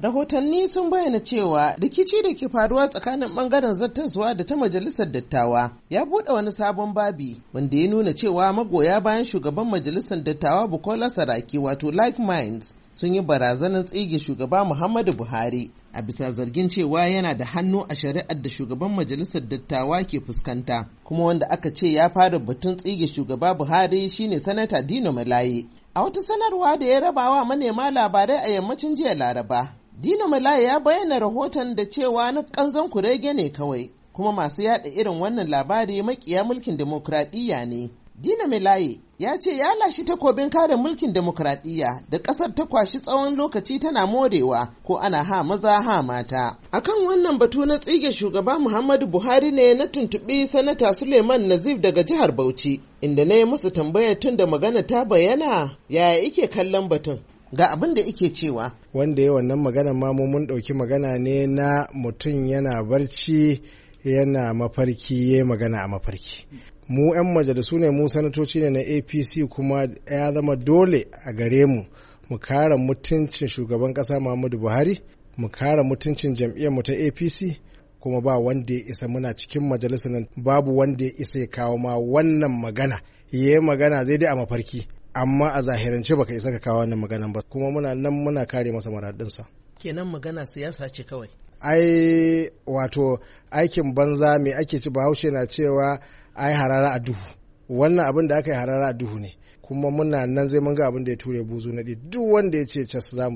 rahotanni sun bayyana cewa rikici da ke faruwa tsakanin bangaren zartaswa da ta majalisar dattawa ya buɗe wani sabon babi wanda ya nuna cewa magoya bayan shugaban majalisar dattawa bukola saraki wato like minds sun yi barazanar tsige shugaba muhammadu buhari a bisa zargin cewa yana da hannu a shari'ar da shugaban majalisar dattawa ke fuskanta kuma wanda aka ce ya fara batun tsige shugaba buhari shine sanata dino malaye a wata sanarwa da ya rabawa manema labarai a yammacin jiya laraba Dina Malaya ya bayyana rahoton da cewa na ƙanzan kurege ne kawai, kuma masu yada irin wannan labari makiya mulkin demokradiyya ne. Dina Malaya ya ce ya lashi takobin kare mulkin demokradiyya da ƙasar ta kwashi tsawon lokaci tana morewa ko ana ha maza ha mata. Akan wannan batu na tsige shugaba Muhammadu Buhari ne na tuntuɓi sanata Suleiman Nazif daga jihar Bauchi, inda na yi musu tambaya tun da magana ta bayyana yaya ike kallon batun. ga abin da ike cewa wanda ya wannan magana ma mun ɗauki magana ne na mutum yana barci yana mafarki ya magana a mafarki mu 'yan majalisu ne mu sanatoci ne na apc kuma ya zama dole a gare mu mu kare mutuncin shugaban ƙasa muhammadu buhari mu kare mutuncin mu ta apc kuma ba wanda ya isa muna cikin majalisa nan babu wanda ya isa ya kawo ma wannan magana ya magana zai dai a mafarki amma a zahirance baka isa ka kawo wannan maganan ba kuma muna nan muna kare masa maradinsa kenan magana siyasa ce kawai ai wato aikin banza mai ake ci bahaushe na cewa ai harara a duhu wannan abin da aka yi harara a duhu ne kuma muna nan zai ga abin da ya ture buzu na duk wanda ya ce cas za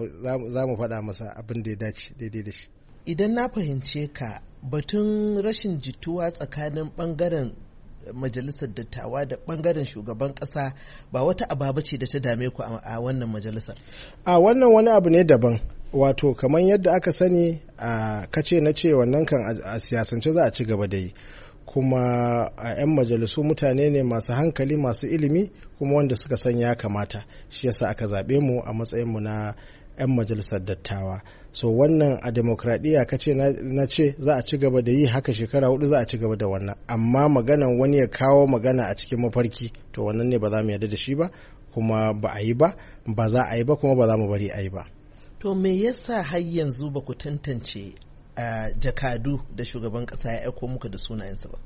mu faɗa masa abin da ya dace daidai da shi idan na fahimce ka batun rashin jituwa tsakanin bangaren majalisar dattawa da bangaren shugaban kasa ba wata ababa ce da ta dame ku a wannan majalisar a wannan wani abu ne daban wato kamar yadda aka sani a kace na ce wannan kan a siyasance za a ci gaba da yi kuma a 'yan majalisu mutane ne masu hankali masu ilimi kuma wanda suka san ya kamata shi yasa aka zaɓe mu a matsayinmu na 'yan majalisar dattawa so wannan a demokradiyya ka ce na ce za a ci gaba da yi haka shekara hudu za a ci gaba da wannan amma maganan wani ya kawo magana a cikin mafarki to wannan ne ba za mu yarda da shi ba kuma ba a yi ba ba za a yi ba kuma ba za mu bari a yi ba to me yasa har yanzu ba ku tantance jakadu da shugaban kasa ya aiko muka da sunayensa ba.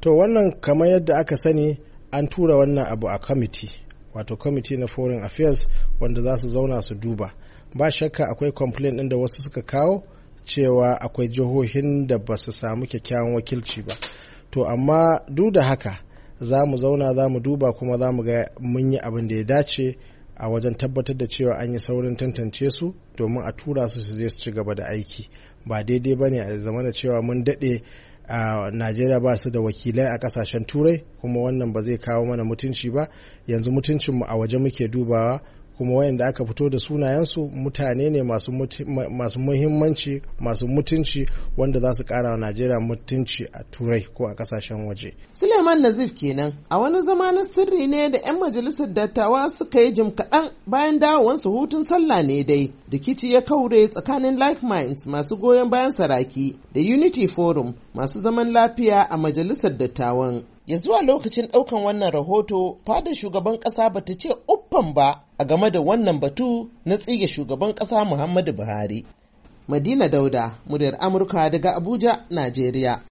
To wannan kamar yadda aka sani an tura wannan abu a kwamiti wato kwamiti na foreign affairs wanda za su zauna su duba ba shakka akwai complain ɗin da wasu suka kawo cewa akwai jihohin da ba su samu kyakkyawan wakilci ba to amma duk da haka za mu zauna za mu duba kuma za mu ga mun yi abin da ya dace a wajen tabbatar da cewa an yi saurin tantance su domin a tura su su zai su ci gaba da aiki ba daidai ba ne a zama da cewa mun daɗe a najeriya ba su da wakilai a kasashen turai kuma wannan ba zai kawo mana mutunci ba yanzu mutuncinmu a waje muke dubawa kuma wayanda aka fito da sunayensu mutane ne masu muhimmanci masu mutunci wanda za su kara wa najeriya mutunci a turai ko a kasashen waje suleiman nazif kenan a wani zama na sirri ne da 'yan majalisar dattawa suka yi jim kaɗan bayan dawowansu hutun sallah ne dai rikici ya kaure tsakanin like minds masu goyon bayan saraki da unity forum masu zaman lafiya a majalisar dattawan ya zuwa lokacin ɗaukan wannan rahoto fadar shugaban ƙasa ba ta ce uffan ba a game da wannan batu na tsige shugaban ƙasa muhammadu buhari madina dauda muryar amurka daga abuja najeriya